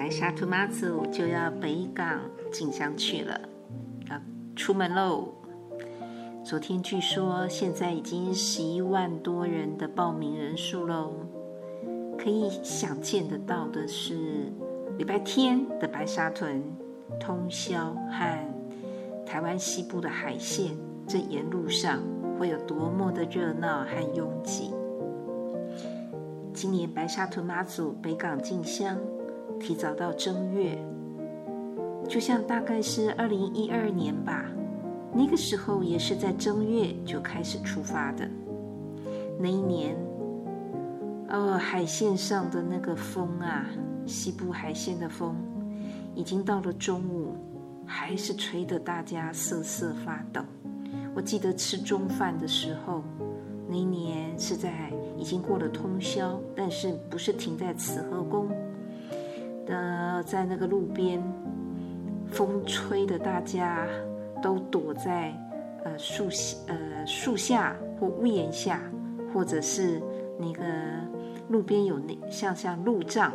白沙屯媽祖就要北港進香去了，要出門嘍。昨天據說現在已經十一萬多人的報名人數嘍，可以想見得到的是，禮拜天的白沙屯通宵和台灣西部的海線，這沿路上會有多麼的熱鬧和擁擠。今年白沙屯媽祖北港進香。提早到正月，就像大概是二零一二年吧，那個時候也是在正月就開始出發的。那一年，哦，海線上的那個風啊，西部海線的風，已經到了中午，還是吹得大家瑟瑟發抖。我記得吃中飯的時候，那一年是在已經過了通霄，但是不是停在慈惠宮。呃，在那個路邊，風吹得，大家都躲在呃樹下、呃樹下或屋檐下，或者是那個路邊有那像像路障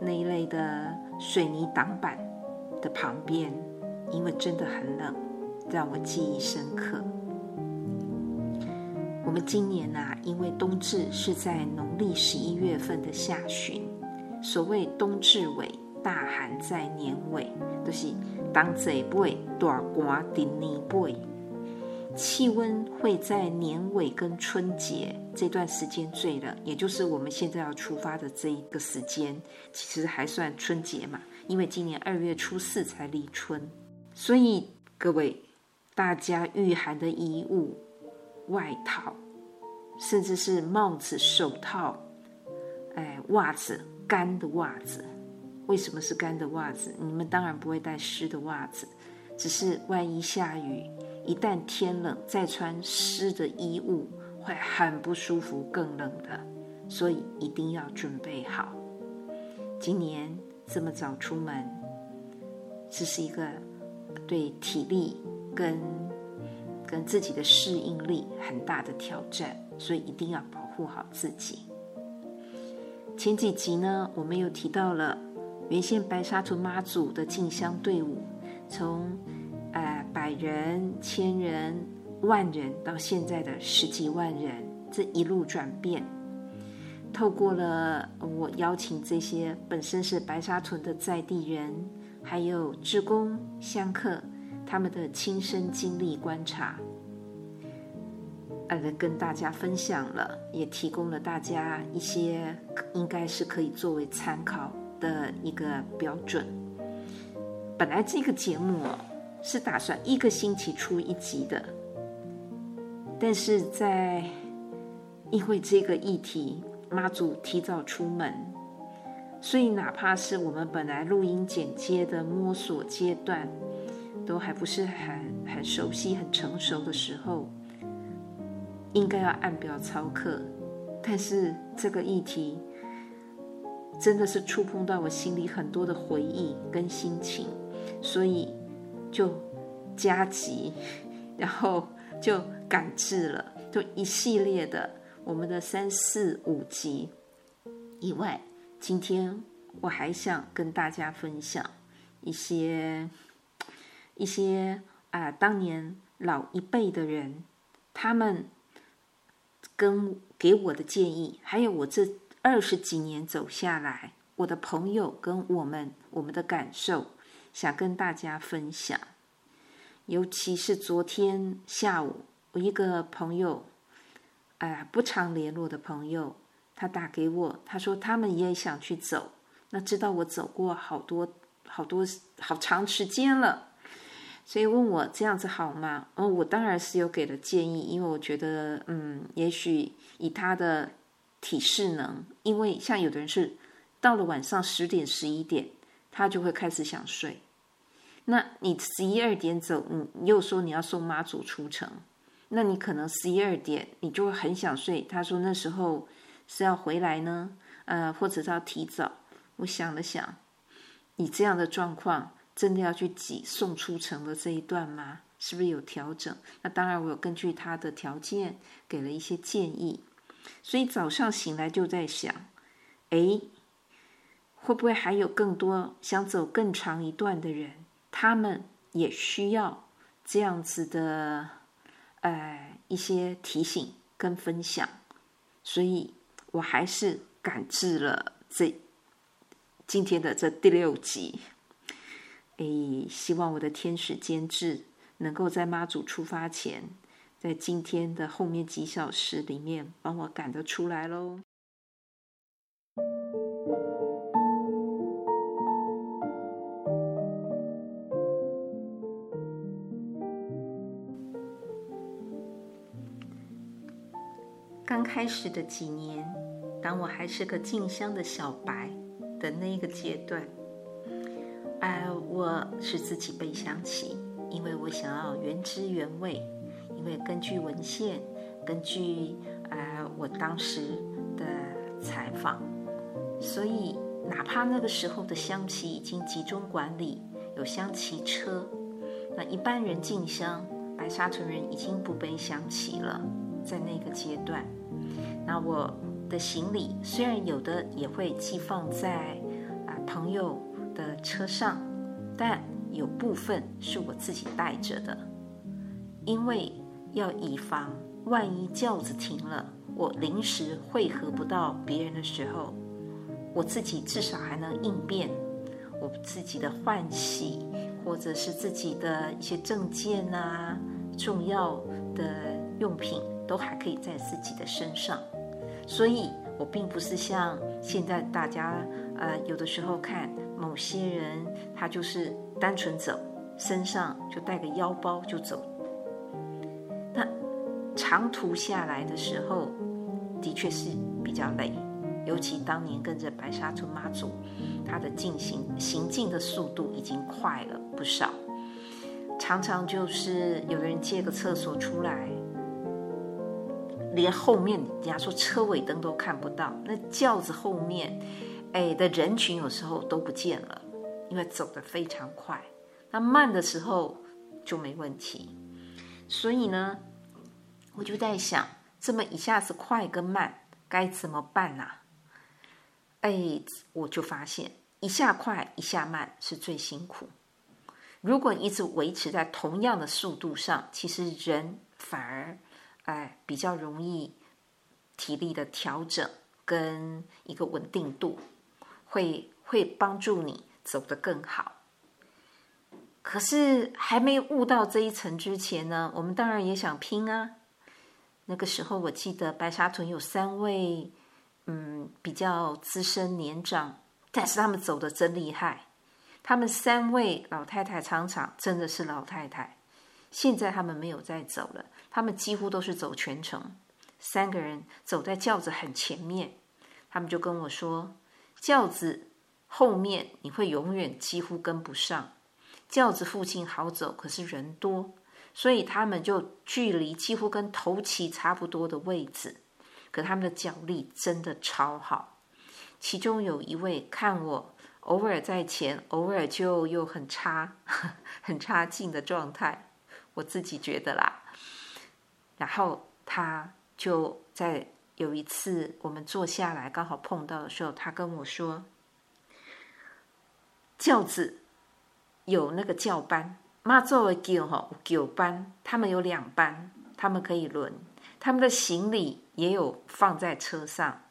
那一類的水泥擋板的旁邊，因為真的很冷，讓我記憶深刻。我們今年啊，因為冬至是在農曆十一月份的下旬。所謂冬至尾，大寒在年尾，就是當季背大寒在年尾，氣溫會在年尾跟春節這段時間最冷，也就是我們現在要出發的這一個時間，其實還算春節嘛，因為今年二月初四才立春，所以各位大家御寒的衣物、外套，甚至是帽子、手套，哎，襪子。乾的襪子，為什麼是乾的襪子？你們當然不會帶濕的襪子，只是萬一下雨，一旦天冷再穿濕的衣物會很不舒服，更冷的，所以一定要準備好。今年這麼早出門，這是一個對體力跟跟自己的適應力很大的挑戰，所以一定要保護好自己。前幾集呢，我們有提到了原先白沙屯媽祖的進香隊伍，從、呃百人、千人、萬人到現在的十幾萬人，這一路轉變，透過了我邀請這些本身是白沙屯的在地人，還有志工、香客他們的親身經歷觀察。呃，跟大家分享了，也提供了大家一些應該是可以作為參考的一個標準。本來這個節目哦是打算一個星期出一集的，但是在因為這個議題，媽祖提早出門，所以哪怕是我們本來錄音剪接的摸索階段，都還不是很很熟悉、很成熟的時候。應該要按表操課，但是這個議題真的是觸碰到我心裡很多的回憶跟心情，所以就加急，然後就趕製了，就一系列的我們的三四五集以外，今天我還想跟大家分享一些一些啊、呃，當年老一輩的人他們。跟給我的建議，還有我這二十幾年走下來，我的朋友跟我們我們的感受，想跟大家分享。尤其是昨天下午，我一個朋友，呃，不常聯絡的朋友，他打給我，他說他們也想去走，那知道我走過好多好多好長時間了。所以問我這樣子好嗎？哦，我當然是有給的建議，因為我覺得，嗯，也許以他的體適能，因為像有的人是到了晚上十點、十一點，他就會開始想睡。那你十一二點走，你、嗯、又說你要送媽祖出城，那你可能十一二點你就會很想睡。他說那時候是要回來呢，呃，或者是要提早。我想了想，你這樣的狀況。真的要去擠送出城的這一段嗎？是不是有調整？那當然，我有根據他的條件給了一些建議。所以早上醒來就在想，誒，會不會還有更多想走更長一段的人？他們也需要這樣子的，呃，一些提醒跟分享。所以我還是趕製了這今天的這第六集。哎，希望我的天使監製能夠在媽祖出發前，在今天的後面幾小時裡面幫我趕得出來嘍。剛開始的幾年，當我還是個進香的小白的那個階段。啊、呃，我是自己背香旗，因為我想要原汁原味。因為根據文獻，根據啊、呃、我當時的採訪，所以哪怕那個時候的香旗已經集中管理，有香旗車，那一般人進香，白沙屯人已經不背香旗了。在那個階段，那我的行李雖然有的也會寄放在啊、呃、朋友。的車上，但有部分是我自己帶着的，因為要以防萬一，轎子停了，我臨時會合不到別人的時候，我自己至少還能應變。我自己的換洗，或者是自己的一些證件啊，重要的用品，都還可以在自己的身上。所以，我並不是像現在大家呃有的時候看。某些人他就是單純走，身上就帶個腰包就走。那長途下來的時候，的確是比較累，尤其當年跟着白沙屯媽祖，他的進行行進的速度已經快了不少，常常就是有的人借個廁所出來，連後面人家說車尾燈都看不到，那轎子後面。哎，的人群有時候都不見了，因為走得非常快。那慢的時候就沒問題。所以呢，我就在想，這麼一下子快跟慢該怎麼辦呢、啊？哎，我就發現一下快一下慢是最辛苦。如果一直維持在同樣的速度上，其實人反而哎比較容易體力的調整跟一個穩定度。會會幫助你走得更好。可是還沒悟到這一層之前呢，我們當然也想拼啊。那個時候我記得白沙屯有三位，嗯，比較資深年長，但是他們走得真厲害。他們三位老太太常常真的是老太太。現在他們沒有再走了，他們幾乎都是走全程。三個人走在轎子很前面，他們就跟我說。轎子後面你會永遠幾乎跟不上，轎子附近好走，可是人多，所以他們就距離幾乎跟頭旗差不多的位置，可他們的腳力真的超好。其中有一位看我偶爾在前，偶爾就又很差、很差勁的狀態，我自己覺得啦。然後他就在。有一次，我們坐下來剛好碰到的時候，他跟我說：“轎子有那個轎班，媽祖的轎有轎班，他們有兩班，他們可以輪。他們的行李也有放在車上，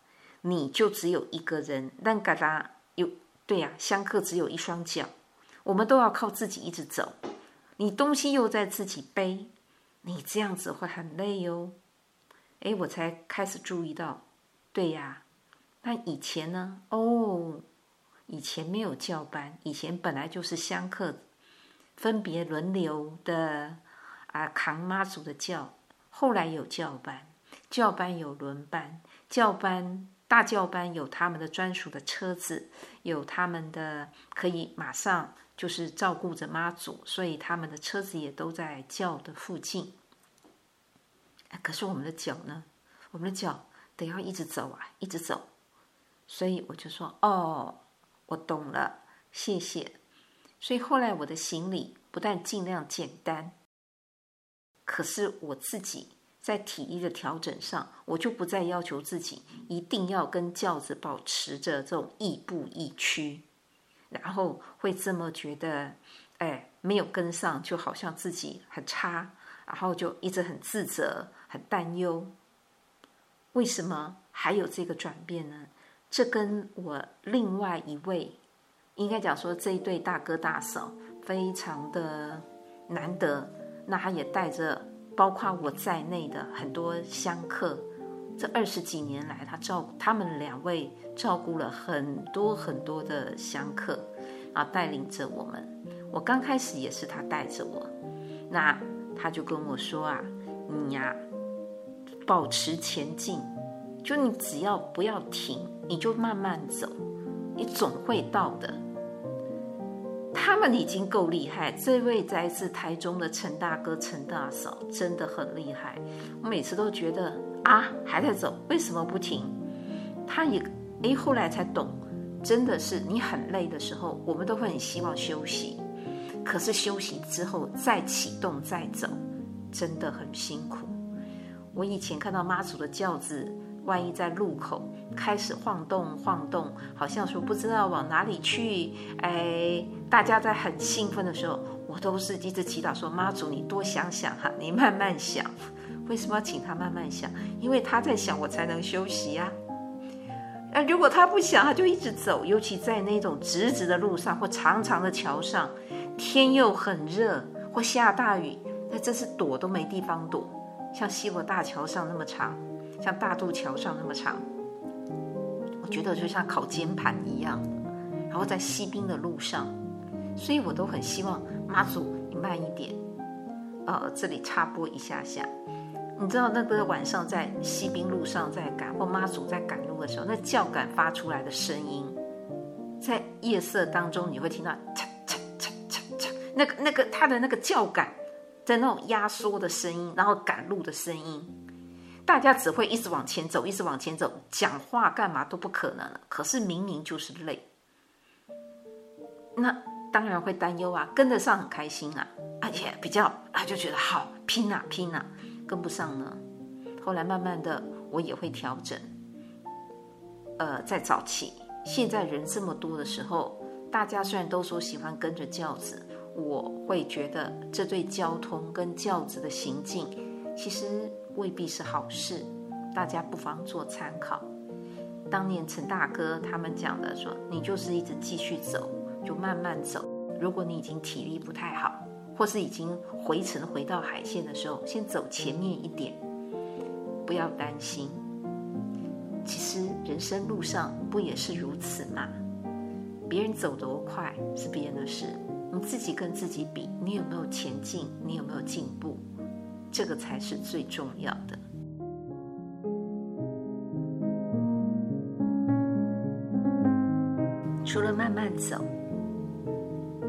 你就只有一個人，但嘎達有對呀、啊，香客只有一雙腳，我們都要靠自己一直走，你東西又在自己背，你這樣子會很累喲、哦。”哎，我才開始注意到，對呀、啊，那以前呢？哦，以前沒有轎班，以前本來就是香客分別輪流的啊扛媽祖的轎。後來有轎班，轎班有輪班，轎班大轎班有他們的專屬的車子，有他們的可以馬上就是照顧着媽祖，所以他們的車子也都在轎的附近。可是我們的腳呢？我們的腳得要一直走啊，一直走。所以我就說：“哦，我懂了，謝謝。”所以後來我的行李不但盡量簡單，可是我自己在體力的調整上，我就不再要求自己一定要跟轎子保持着這種亦步亦趨，然後會這麼覺得：哎，沒有跟上，就好像自己很差。然後就一直很自責，很擔憂，為什麼還有這個轉變呢？這跟我另外一位，應該講說這一對大哥大嫂非常的難得。那他也帶着包括我在內的很多香客，這二十幾年來，他照他們兩位照顧了很多很多的香客啊，然後帶領着我們。我剛開始也是他帶着我，那。他就跟我說啊，你呀、啊，保持前進，就你只要不要停，你就慢慢走，你總會到的。他們已經夠厲害，這位來自台中的陳大哥、陳大嫂真的很厲害。我每次都覺得啊，還在走，為什麼不停？他也哎，後來才懂，真的是你很累的時候，我們都會很希望休息。可是休息之後再啟動再走，真的很辛苦。我以前看到媽祖的轎子，萬一在路口開始晃動晃動，好像說不知道往哪裡去。哎，大家在很興奮的時候，我都是一直祈禱說：“媽祖，你多想想哈，你慢慢想。”為什麼要請他慢慢想？因為他在想，我才能休息啊。哎，如果他不想，他就一直走，尤其在那種直直的路上或長長的橋上。天又很熱，或下大雨，那真是躲都沒地方躲。像西螺大橋上那麼長，像大渡橋上那麼長，我覺得就像烤煎盤一樣。然後在西濱的路上，所以我都很希望媽祖你慢一點。呃，這裡插播一下下，你知道那個晚上在西濱路上在趕，或媽祖在趕路的時候，那轎桿發出來的聲音，在夜色當中你會聽到。那個、那個，他的那個叫感，在那種壓縮的聲音，然後趕路的聲音，大家只會一直往前走，一直往前走，講話幹嘛都不可能了。可是明明就是累，那當然會擔憂啊，跟得上很開心啊，而且比較，啊、就覺得好拼啊，拼啊，跟不上呢？後來慢慢的，我也會調整。呃，在早期，現在人這麼多的時候，大家雖然都說喜歡跟着轎子。我會覺得這對交通跟轎子的行進，其實未必是好事。大家不妨做參考。當年陳大哥他們講的說：“你就是一直繼續走，就慢慢走。如果你已經體力不太好，或是已經回程回到海線的時候，先走前面一點，不要擔心。其實人生路上不也是如此嗎？別人走多快是別人的事。”自己跟自己比，你有沒有前進？你有沒有進步？這個才是最重要的。除了慢慢走，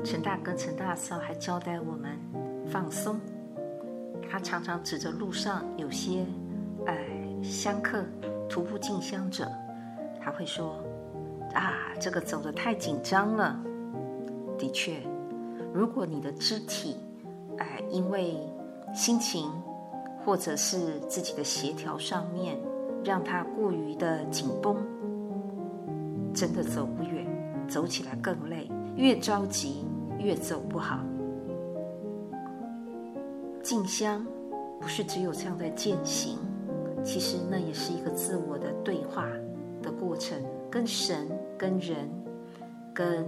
陳大哥、陳大嫂還交代我們放鬆。他常常指着路上有些哎香客徒步進香者，他會說：“啊，這個走得太緊張了。”的確。如果你的肢體，哎、呃，因為心情或者是自己的協調上面，讓它過於的緊繃，真的走不遠，走起來更累，越着急越走不好。進香不是只有這樣的踐行，其實那也是一個自我的對話的過程，跟神、跟人、跟。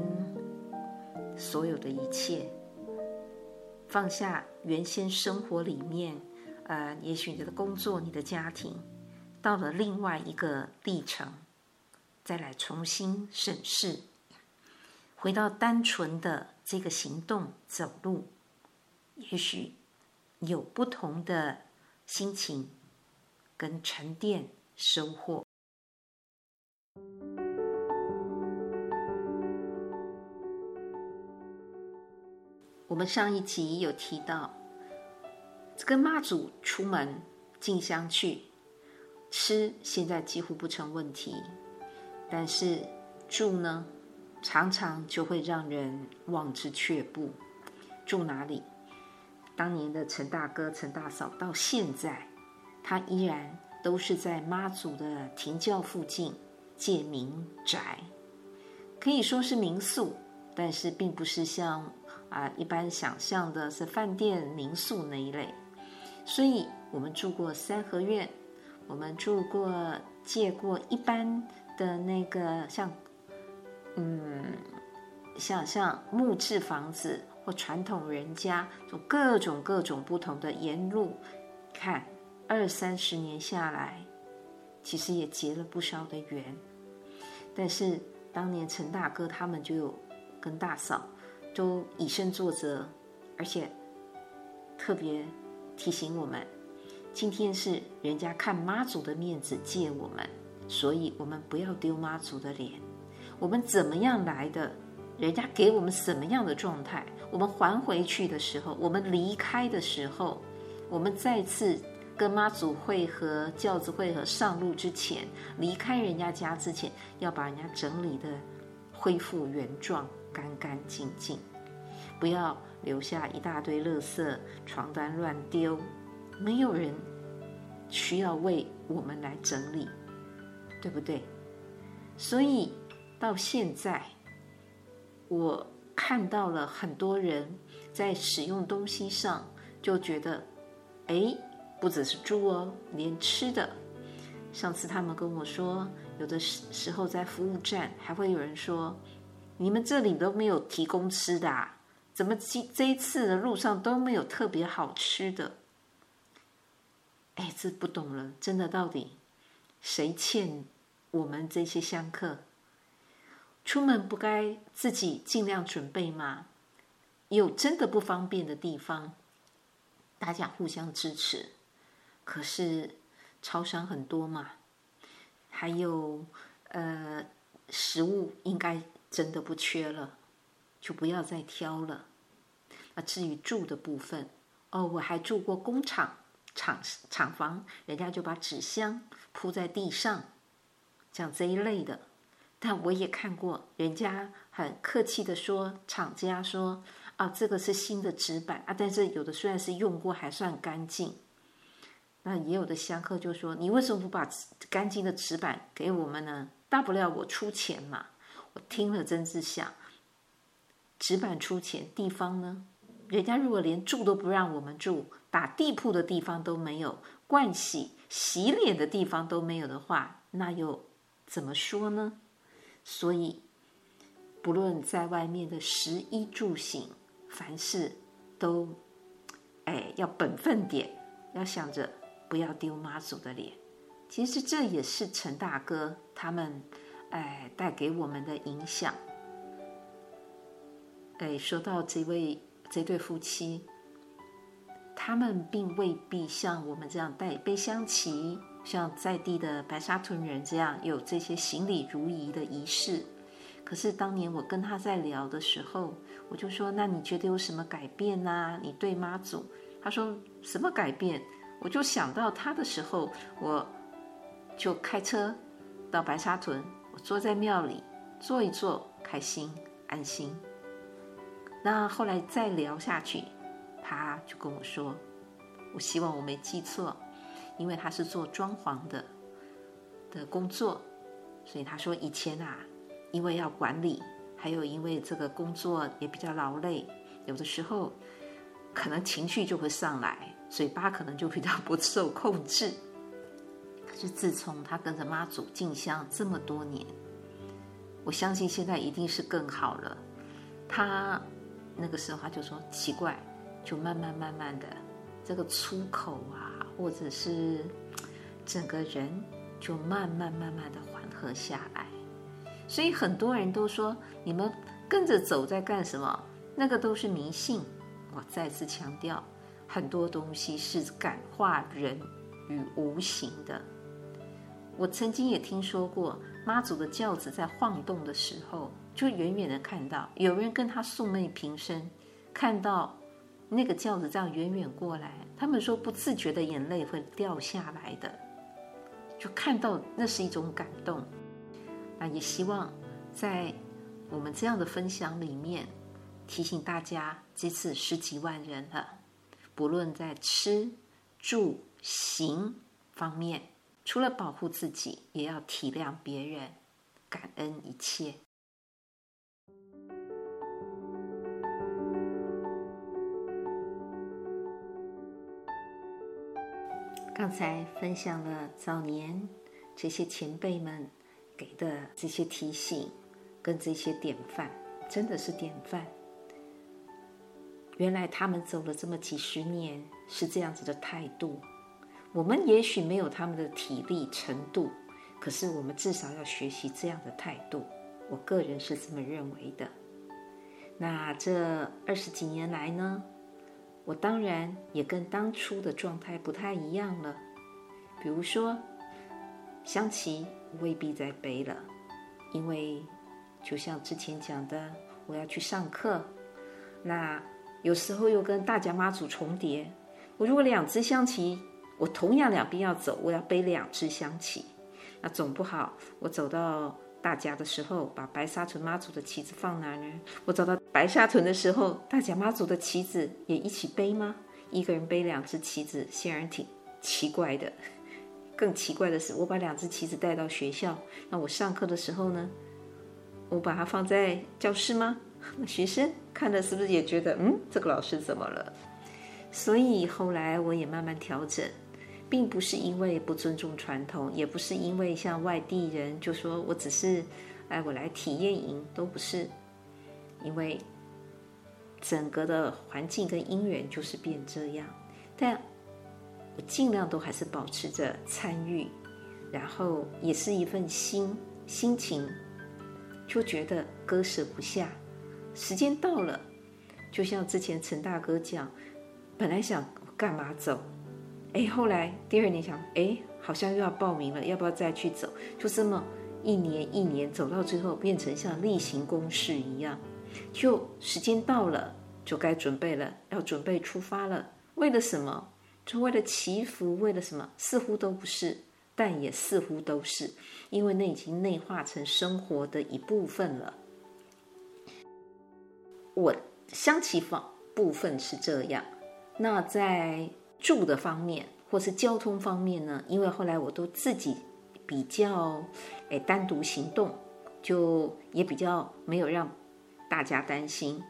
所有的一切，放下原先生活裡面，呃，也許你的工作、你的家庭，到了另外一個歷程，再來重新審視，回到單純的這個行動走路，也許有不同的心情跟沉澱收穫。我們上一集有提到，跟媽祖出門進香去吃，現在幾乎不成問題。但是住呢，常常就會讓人望之卻步。住哪裡？當年的陳大哥、陳大嫂到現在，他依然都是在媽祖的停轎附近借民宅，可以說是民宿，但是並不是像。啊，一般想象的是飯店、民宿那一類，所以我們住過三合院，我們住過借過一般的那個像，嗯，像像木質房子或傳統人家，就各種各種不同的沿路看，二三十年下來，其實也結了不少的緣。但是當年陳大哥他們就有跟大嫂。都以身作則，而且特別提醒我們：今天是人家看媽祖的面子借我們，所以我們不要丟媽祖的臉。我們怎麼樣來的，人家給我們什麼樣的狀態，我們還回去的時候，我們離開的時候，我們再次跟媽祖會合、轎子會合上路之前，離開人家家之前，要把人家整理的恢復原狀。乾乾淨淨，不要留下一大堆垃圾，床單亂丟，沒有人需要為我們來整理，對不對？所以到現在，我看到了很多人在使用東西上就覺得，哎，不只是住哦，連吃的。上次他們跟我說，有的時時候在服務站還會有人說。你們這裡都沒有提供吃的啊，怎麼這這一次的路上都沒有特別好吃的？哎，這不懂了，真的到底誰欠我們這些香客？出門不該自己儘量準備嗎？有真的不方便的地方，大家互相支持。可是超商很多嘛，還有呃，食物應該。真的不缺了，就不要再挑了。那至於住的部分，哦，我還住過工廠廠廠房，人家就把紙箱鋪在地上，像這一類的。但我也看過，人家很客氣地說，廠家說啊，哦，這個是新的紙板啊，但是有的雖然是用過，還算乾淨。那也有的香客就說：“你為什麼不把乾淨的紙板給我們呢？大不了我出錢嘛。”聽了真是像，紙板出錢地方呢？人家如果連住都不讓我們住，打地鋪的地方都沒有，盥洗洗臉的地方都沒有的話，那又怎麼說呢？所以，不論在外面的食衣住行，凡事都，哎，要本分點，要想着不要丟媽祖的臉。其實這也是陳大哥他們。哎，帶給我們的影響。哎，說到這位這對夫妻，他們並未必像我們這樣帶背香旗，像在地的白沙屯人這樣有這些行禮如儀的儀式。可是當年我跟他在聊的時候，我就說：“那你覺得有什麼改變呢、啊？”你對媽祖，他說：“什麼改變？”我就想到他的時候，我就開車到白沙屯。坐在廟裡坐一坐，開心安心。那後來再聊下去，他就跟我說：“我希望我沒記錯，因為他是做裝潢的的工作，所以他說以前啊，因為要管理，還有因為這個工作也比較勞累，有的時候可能情緒就會上來，嘴巴可能就比較不受控制。”可是，自從他跟着媽祖進香這麼多年，我相信現在一定是更好了。他那個時候他就說奇怪，就慢慢慢慢的，這個出口啊，或者是整個人就慢慢慢慢的緩和下來。所以很多人都說，你們跟着走在幹什麼？那個都是迷信。我再次強調，很多東西是感化人於無形的。我曾經也聽說過，媽祖的轎子在晃動的時候，就遠遠的看到有人跟他素昧平生，看到那個轎子這樣遠遠過來，他們說不自覺的眼淚會掉下來的，就看到那是一種感動。那也希望在我們這樣的分享裡面，提醒大家，這次十幾萬人了，不論在吃、住、行方面。除了保護自己，也要體諒別人，感恩一切。剛才分享了早年這些前輩們給的這些提醒跟這些典範，真的是典範。原來他們走了這麼幾十年，是這樣子的態度。我們也許沒有他們的體力程度，可是我們至少要學習這樣的態度。我個人是這麼認為的。那這二十幾年來呢，我當然也跟當初的狀態不太一樣了。比如說，香旗未必再背了，因為就像之前講的，我要去上課。那有時候又跟大甲媽祖重疊。我如果兩隻香旗。我同樣兩邊要走，我要背兩隻香旗，那總不好。我走到大甲的時候，把白沙屯媽祖的旗子放哪兒？我走到白沙屯的時候，大甲媽祖的旗子也一起背嗎？一個人背兩隻旗子，顯然挺奇怪的。更奇怪的是，我把兩隻旗子帶到學校，那我上課的時候呢？我把它放在教室嗎？學生看了是不是也覺得，嗯，這個老師怎麼了？所以後來我也慢慢調整。並不是因為不尊重傳統，也不是因為像外地人就說我只是，哎，我來體驗營，都不是，因為整個的環境跟因緣就是變這樣。但我盡量都還是保持着參與，然後也是一份心心情，就覺得割捨不下。時間到了，就像之前陳大哥講，本來想幹嘛走。哎，後來第二年想，哎，好像又要報名了，要不要再去走？就這麼一年一年走到最後，變成像例行公事一樣，就時間到了，就該準備了，要準備出發了。為了什麼？就為了祈福？為了什麼？似乎都不是，但也似乎都是，因為那已經內化成生活的一部分了。我想起方部分是這樣，那在。住的方面，或是交通方面呢？因為後來我都自己比較，哎、欸，單獨行動，就也比較沒有讓大家擔心。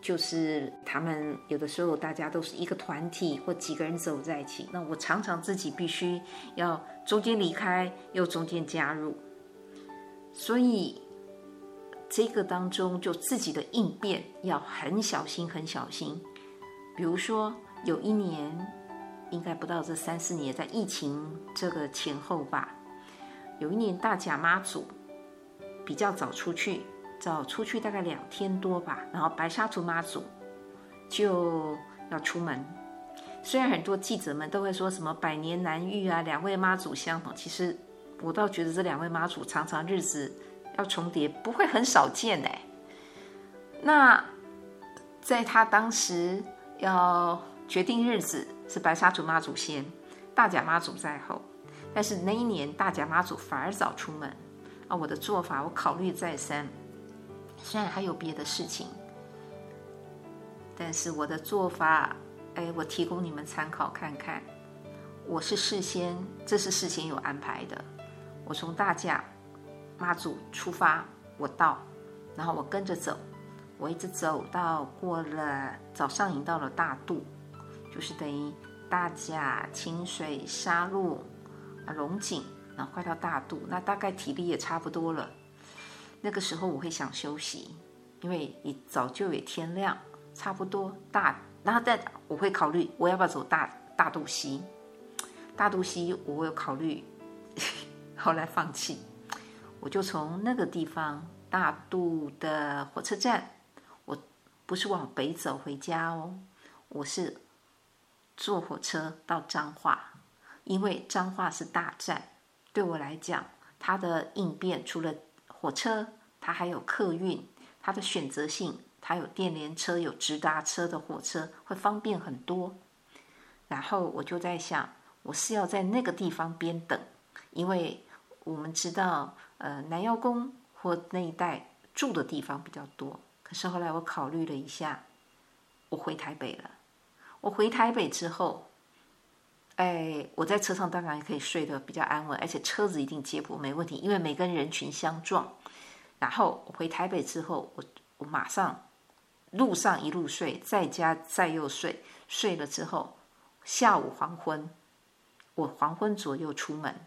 就是他們有的時候，大家都是一個團體或幾個人走在一起，那我常常自己必須要中間離開，又中間加入，所以這個當中就自己的應變要很小心，很小心。比如說。有一年，應該不到這三四年，在疫情這個前後吧。有一年，大甲媽祖比較早出去，早出去大概兩天多吧。然後白沙屯媽祖就要出門。雖然很多記者們都會說什麼百年難遇啊，兩位媽祖相逢。其實我倒覺得這兩位媽祖常常日子要重疊，不會很少見呢、欸。那在她當時要。決定日子是白沙屯媽祖先，大甲媽祖在後，但是那一年大甲媽祖反而早出門，啊，我的做法我考慮再三，雖然還有別的事情，但是我的做法、哎，我提供你們參考看看。我是事先，這是事先有安排的。我從大甲媽祖出發，我到，然後我跟着走，我一直走到過了早上，引到了大肚。就是等於大甲、清水、沙鹿啊，龍井，然後快到大肚，那大概體力也差不多了。那個時候我會想休息，因為一早就也天亮，差不多大，然後在我會考慮我要不要走大大肚溪。大肚溪我有考慮， 後來放棄。我就從那個地方大肚的火車站，我不是往北走回家哦，我是。坐火車到彰化，因為彰化是大站。對我來講，它的應變除了火車，它還有客運，它的選擇性，它有電聯車、有直達車的火車，會方便很多。然後我就在想，我是要在那個地方邊等，因為我們知道，呃，南瑤宮或那一帶住的地方比較多。可是後來我考慮了一下，我回台北了。我回台北之後，哎，我在車上當然也可以睡得比較安穩，而且車子一定接駁沒問題，因為沒跟人群相撞。然後我回台北之後，我我馬上路上一路睡，在家再又睡，睡了之後，下午黃昏，我黃昏左右出門，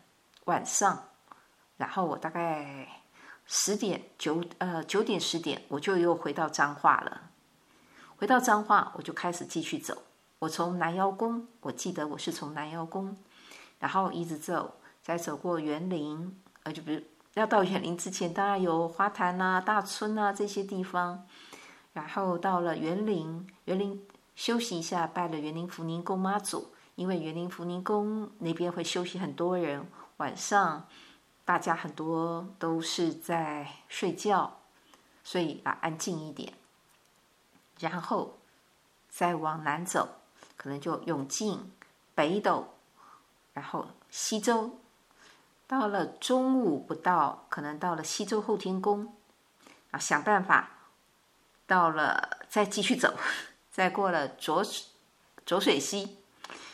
晚上，然後我大概十點九，呃，九點十點，我就又回到彰化了。回到彰化，我就開始繼續走。我從南瑤宮，我記得我是從南瑤宮，然後一直走，再走過員林，呃，就比如，要到員林之前，當然有花壇啊、大村啊這些地方，然後到了員林，員林休息一下，拜了員林福寧宮媽祖，因為員林福寧宮那邊會休息很多人，晚上大家很多都是在睡覺，所以啊安靜一點，然後再往南走。可能就永靖、北斗，然後西螺，到了中午不到，可能到了西螺後天宮啊，想辦法到了再繼續走，再過了濁濁水溪、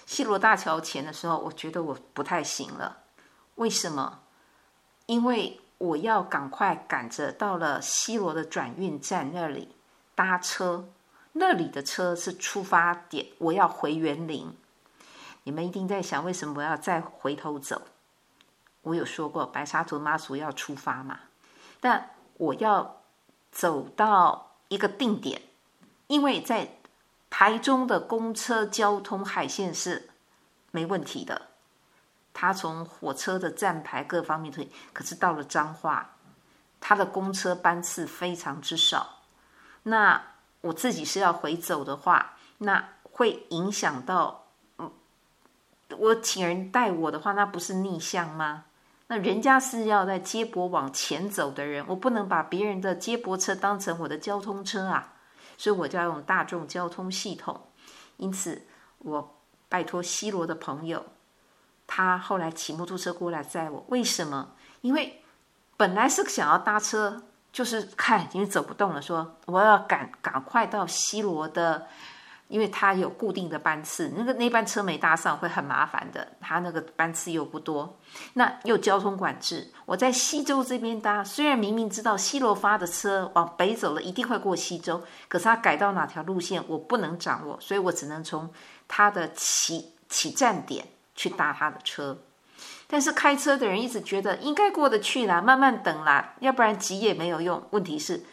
西螺大橋前的時候，我覺得我不太行了，為什麼？因為我要趕快趕着到了西螺的轉運站那裡搭車。那裡的車是出發點，我要回員林。你們一定在想，為什麼我要再回頭走？我有說過白沙屯媽祖要出發嘛？但我要走到一個定點，因為在台中的公車交通海線是沒問題的。他從火車的站牌各方面推，可是到了彰化，他的公車班次非常之少。那。我自己是要回走的話，那會影響到、嗯、我請人帶我的話，那不是逆向嗎？那人家是要在接駁往前走的人，我不能把別人的接駁車當成我的交通車啊！所以我就要用大眾交通系統。因此，我拜托西螺的朋友，他後來騎摩托車過來載我。為什麼？因為本來是想要搭車。就是看，因為走不動了說，說我要趕趕快到西螺的，因為他有固定的班次，那個那班車沒搭上會很麻煩的，他那個班次又不多，那又交通管制，我在溪州這邊搭，雖然明明知道西螺發的車往北走了一定會過溪州，可是他改到哪條路線我不能掌握，所以我只能從他的起起站點去搭他的車。但是開車的人一直覺得應該過得去啦，慢慢等啦，要不然急也沒有用。問題是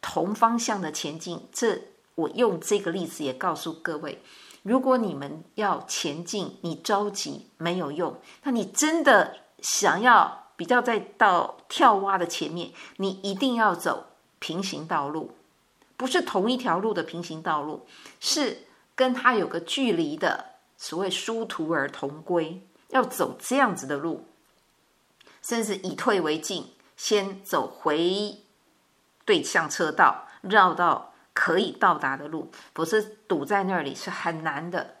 同方向的前進，這我用這個例子也告訴各位：如果你們要前進，你着急沒有用。那你真的想要比較在到跳蛙的前面，你一定要走平行道路，不是同一條路的平行道路，是跟它有個距離的，所謂殊途而同歸。要走這樣子的路，甚至以退為進，先走回對向車道，繞到可以到達的路，不是堵在那裡是很難的。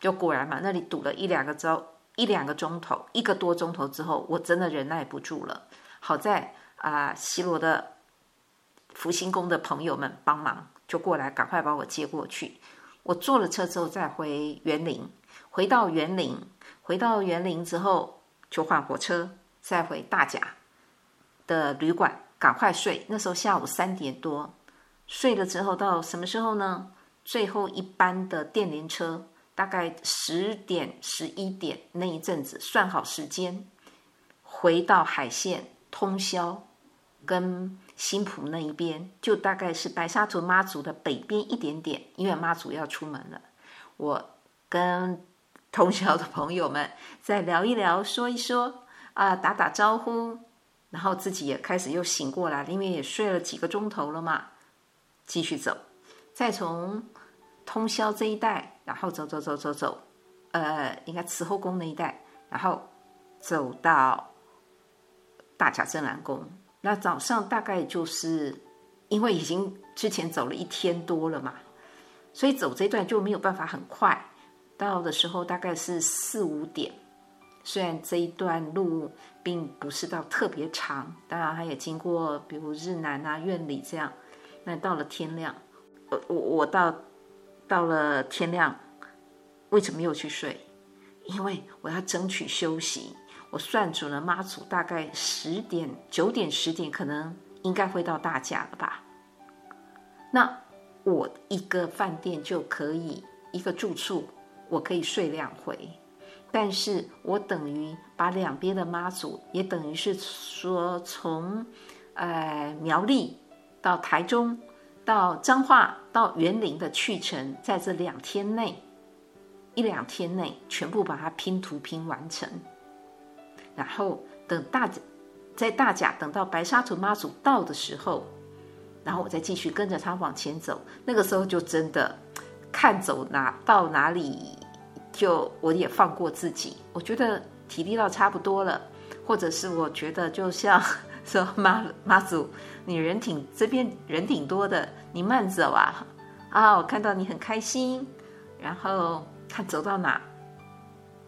就果然嘛，那裡堵了一兩個鐘，一兩個鐘頭，一個多鐘頭之後，我真的忍耐不住了。好在啊、呃，西螺的福興宮的朋友們幫忙，就過來趕快把我接過去。我坐了車之後再回員林，回到員林。回到員林之後，就換火車，再回大甲的旅館，趕快睡。那時候下午三點多，睡了之後到什麼時候呢？最後一班的電聯車，大概十點、十一點那一陣子，算好時間，回到海線通霄，跟新埔那一邊，就大概是白沙屯媽祖的北邊一點點，因為媽祖要出門了，我跟。通霄的朋友們再聊一聊，說一說啊、呃，打打招呼，然後自己也開始又醒過來，因為也睡了幾個鐘頭了嘛，繼續走，再從通霄這一帶，然後走走走走走，呃，應該慈後宮那一帶，然後走到大甲鎮瀾宮。那早上大概就是因為已經之前走了一天多了嘛，所以走這一段就沒有辦法很快。到的時候大概是四五點，雖然這一段路並不是到特別長，當然它也經過比如日南啊、苑裡這樣。那到了天亮，我我我到到了天亮，為什麼又去睡？因為我要爭取休息。我算準了媽祖大概十點、九點、十點，可能應該會到大甲了吧。那我一個飯店就可以一個住處。我可以睡兩回，但是我等於把兩邊的媽祖，也等於是說，從呃苗栗到台中到彰化到員林的去程，在這兩天內一兩天內全部把它拼圖拼完成，然後等大在大甲等到白沙屯媽祖到的時候，然後我再繼續跟着他往前走，那個時候就真的看走哪，到哪裡。就我也放過自己，我覺得體力到差不多了，或者是我覺得就像說媽媽祖，你人挺這邊人挺多的，你慢走啊！啊、哦，我看到你很開心，然後看走到哪，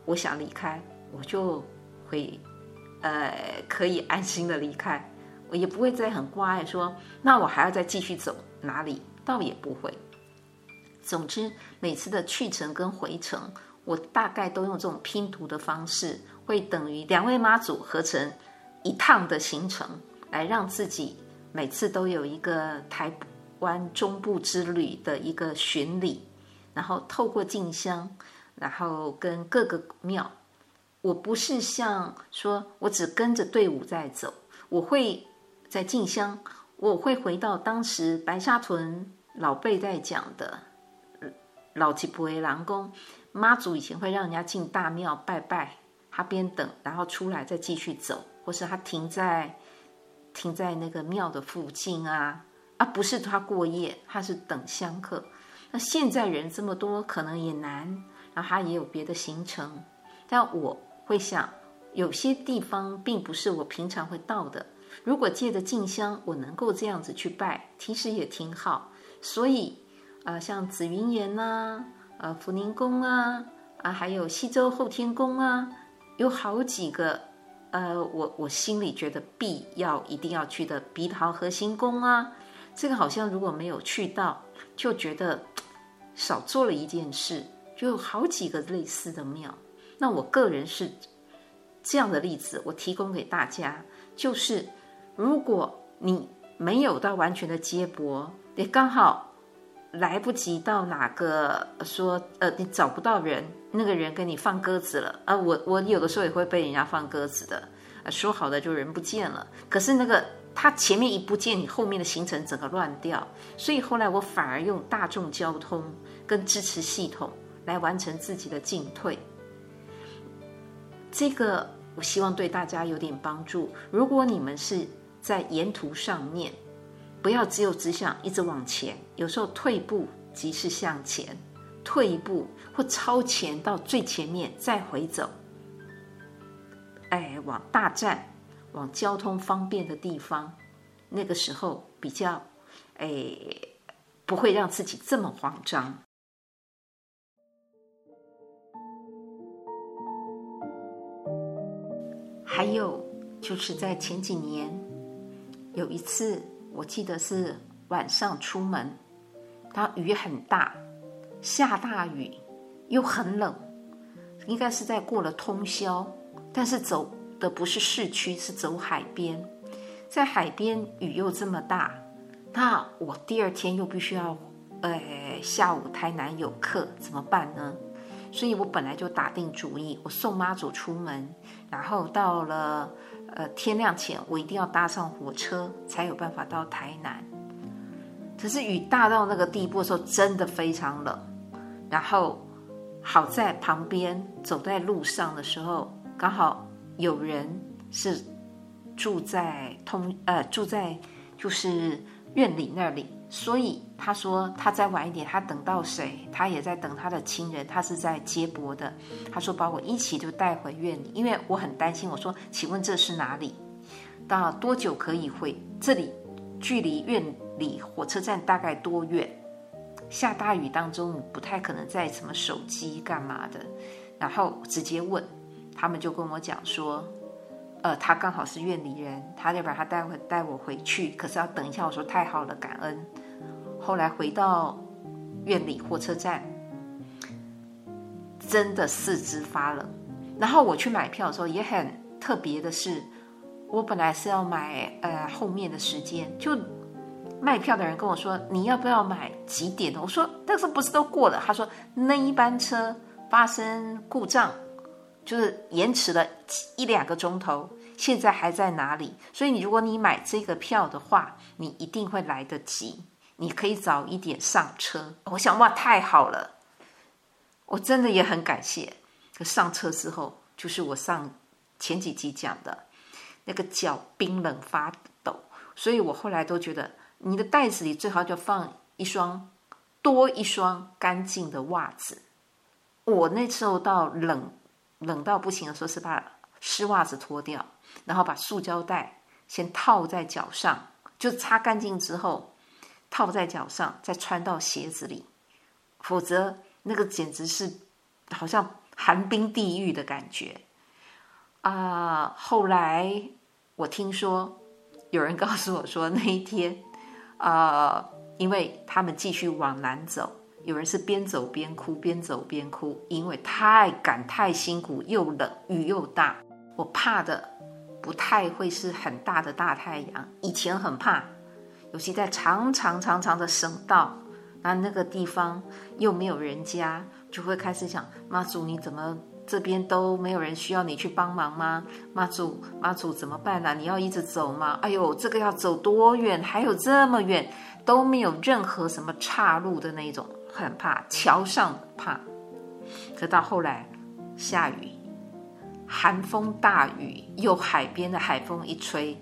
我想離開，我就會，呃，可以安心的離開，我也不會再很掛礙，說那我還要再繼續走哪裡？倒也不會。總之，每次的去程跟回程。我大概都用這種拼圖的方式，會等於兩位媽祖合成一趟的行程，來讓自己每次都有一個台灣中部之旅的一個巡禮。然後透過進香，然後跟各個廟，我不是像說我只跟着隊伍在走，我會在進香，我會回到當時白沙屯老輩在講的老吉普郎宮。媽祖以前會讓人家進大廟拜拜，他邊等，然後出來再繼續走，或是他停在停在那個廟的附近啊，而、啊、不是他過夜，他是等香客。那現在人這麼多，可能也難。然後他也有別的行程，但我會想，有些地方並不是我平常會到的。如果借着進香，我能夠這樣子去拜，其實也挺好。所以，啊、呃，像紫雲岩啊。呃，福寧宮啊，啊、呃，還有西周後天宮啊，有好幾個，呃，我我心裡覺得必要一定要去的，鼻桃核心宮啊，這個好像如果沒有去到，就覺得少做了一件事，就好幾個類似的廟。那我個人是這樣的例子，我提供給大家，就是如果你沒有到完全的接駁，你剛好。來不及到哪個說，呃，你找不到人，那個人跟你放鴿子了啊、呃！我我有的時候也會被人家放鴿子的，呃、說好的就人不見了，可是那個他前面一不見，你後面的行程整個亂掉，所以後來我反而用大眾交通跟支持系統來完成自己的進退。這個我希望對大家有點幫助。如果你們是在沿途上面。不要只有只想一直往前，有時候退步即是向前，退一步或超前到最前面再回走，哎，往大站，往交通方便的地方，那個時候比較，哎，不會讓自己這麼慌張。還有就是在前幾年有一次。我記得是晚上出門，它雨很大，下大雨，又很冷，應該是在過了通宵。但是走的不是市區，是走海邊，在海邊雨又這麼大，那我第二天又必須要，呃，下午台南有課，怎麼辦呢？所以我本來就打定主意，我送媽祖出門，然後到了。呃，天亮前我一定要搭上火車才有辦法到台南。可是雨大到那個地步的時候，真的非常冷。然後好在旁邊走在路上的時候，剛好有人是住在通，呃，住在就是院裡那裡。所以他說，他再晚一點，他等到誰？他也在等他的親人。他是在接駁的。他說把我一起就帶回員林，因為我很擔心。我說，請問這是哪裡？到多久可以回這裡？距離員林火車站大概多遠？下大雨當中，不太可能在什麼手機幹嘛的。然後直接問，他們就跟我講說，呃，他剛好是員林人，他就把他帶回帶我回去。可是要等一下。我說太好了，感恩。後來回到苑裡火車站，真的四肢發冷。然後我去買票的時候也很特別的是，我本來是要買呃後面的時間，就賣票的人跟我說：“你要不要買幾點的？”我說：“那個時候不是都過了？”他說：“那一班車發生故障，就是延遲了一兩個鐘頭，現在還在哪裡？所以你如果你買這個票的話，你一定會來得及。”你可以早一點上車，我想哇太好了，我真的也很感謝。可上車之後，就是我上前幾集講的，那個腳冰冷發抖，所以我後來都覺得你的袋子裡最好就放一雙多一雙乾淨的襪子。我那時候到冷冷到不行的時候，是把濕襪子脫掉，然後把塑膠袋先套在腳上，就擦乾淨之後。套在腳上，再穿到鞋子裡，否則那個簡直是好像寒冰地獄的感覺啊、呃！後來我聽說，有人告訴我說那一天啊、呃，因為他們繼續往南走，有人是邊走邊哭，邊走邊哭，因為太趕、太辛苦、又冷、雨又大。我怕的不太會是很大的大太陽，以前很怕。尤其在長長長長的省道，那那個地方又沒有人家，就會開始想：媽祖，你怎麼，這邊都沒有人需要你去幫忙嗎？媽祖，媽祖怎麼辦呢、啊？你要一直走嗎？哎呦，這個要走多遠？還有這麼遠，都沒有任何什麼岔路的那種，很怕。橋上怕。直到後來下雨，寒風大雨，又海邊的海風一吹。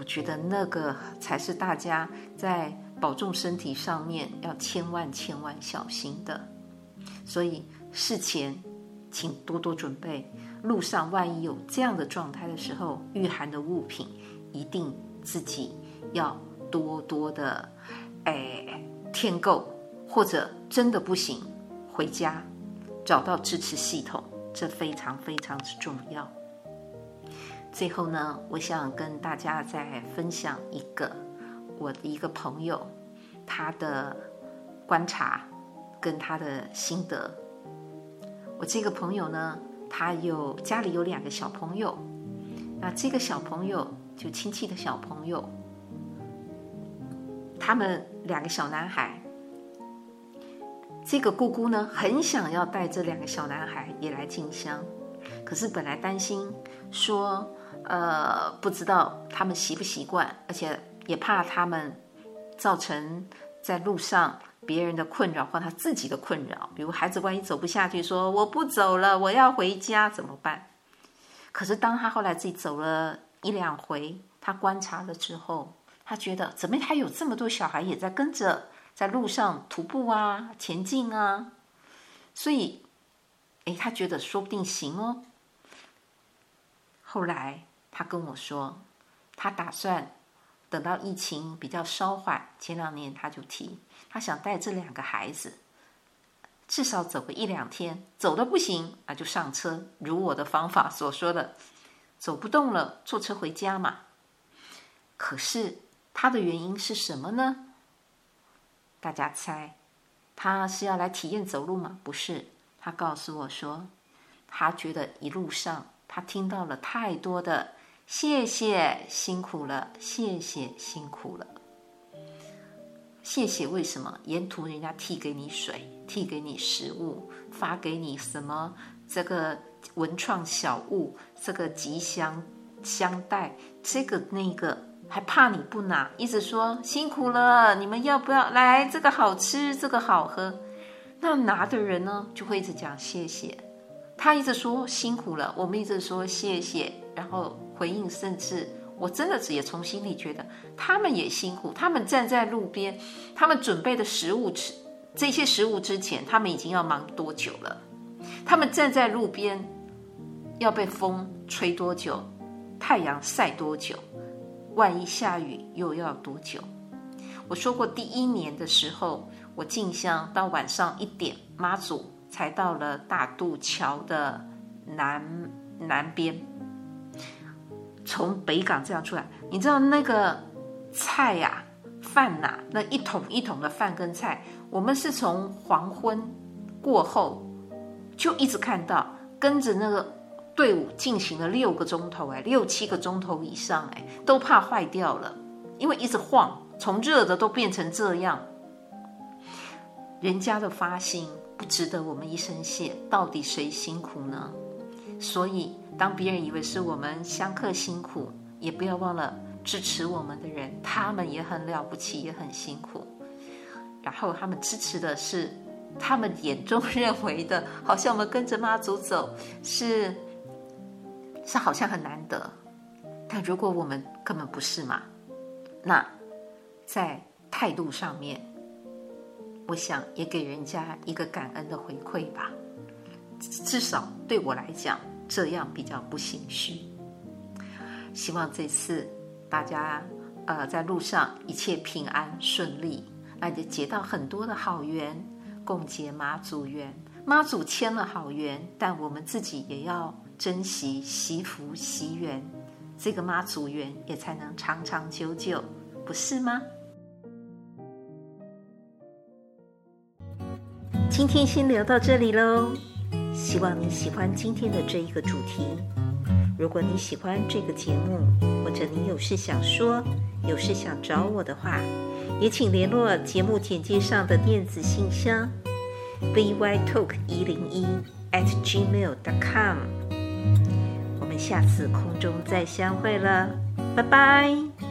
我覺得那個才是大家在保重身體上面要千萬千萬小心的，所以事前請多多準備，路上萬一有這樣的狀態的時候，御寒的物品一定自己要多多的哎添購，或者真的不行，回家找到支持系統，這非常非常之重要。最後呢，我想跟大家再分享一個我的一個朋友，他的觀察跟他的心得。我這個朋友呢，他有家裡有兩個小朋友，那這個小朋友就親戚的小朋友，他們兩個小男孩，這個姑姑呢，很想要帶這兩個小男孩也來進香，可是本來擔心說，呃，不知道他們習不習慣，而且也怕他們造成在路上別人的困擾或他自己的困擾。比如孩子萬一走不下去，說我不走了，我要回家，怎麼辦？可是當他後來自己走了一兩回，他觀察了之後，他覺得怎麼還有這麼多小孩也在跟着在路上徒步啊，前進啊，所以，哎，他覺得說不定行哦。後來。他跟我說，他打算等到疫情比較稍緩，前兩年他就提，他想帶這兩個孩子，至少走個一兩天，走的不行啊就上車，如我的方法所說的，走不動了坐車回家嘛。可是他的原因是什麼呢？大家猜，他是要來體驗走路嗎？不是，他告訴我說，他覺得一路上他聽到了太多的。謝謝辛苦了，謝謝辛苦了，謝謝。謝謝。為什麼沿途人家遞給你水，遞給你食物，發給你什麼這個文創小物，這個吉祥香袋，這個那個，還怕你不拿，一直說辛苦了。你們要不要來？這個好吃，這個好喝。那拿的人呢，就會一直講謝謝。他一直說辛苦了，我們一直說謝謝。然後回應，甚至我真的也從心裡覺得他們也辛苦。他們站在路邊，他們準備的食物，吃這些食物之前，他們已經要忙多久了？他們站在路邊，要被風吹多久？太陽曬多久？萬一下雨又要多久？我說過，第一年的時候，我進香到晚上一點，媽祖才到了大渡橋的南南邊。從北港這樣出來，你知道那個菜呀、啊、飯吶、啊，那一桶一桶的飯跟菜，我們是從黃昏過後就一直看到，跟着那個隊伍進行了六個鐘頭，哎，六七個鐘頭以上，哎，都怕壞掉了，因為一直晃，從熱的都變成這樣。人家的發心不值得我們一聲謝？到底誰辛苦呢？所以。當別人以為是我們香客辛苦，也不要忘了支持我們的人，他們也很了不起，也很辛苦。然後他們支持的是，他們眼中認為的，好像我們跟着媽祖走是是好像很難得。但如果我們根本不是嘛，那在態度上面，我想也給人家一個感恩的回饋吧。至少對我來講。這樣比較不心虛。希望這次大家呃在路上一切平安順利，而且結到很多的好緣，共結媽祖緣。媽祖簽了好緣，但我們自己也要珍惜惜福惜緣，這個媽祖緣也才能長長久久，不是嗎？今天先聊到這裡嘍。希望你喜歡今天的這一個主題。如果你喜歡這個節目，或者你有事想說，有事想找我的話，也請聯絡節目簡介上的電子信箱，VYtalk 一零一 at gmail.com。我們下次空中再相會了，拜拜。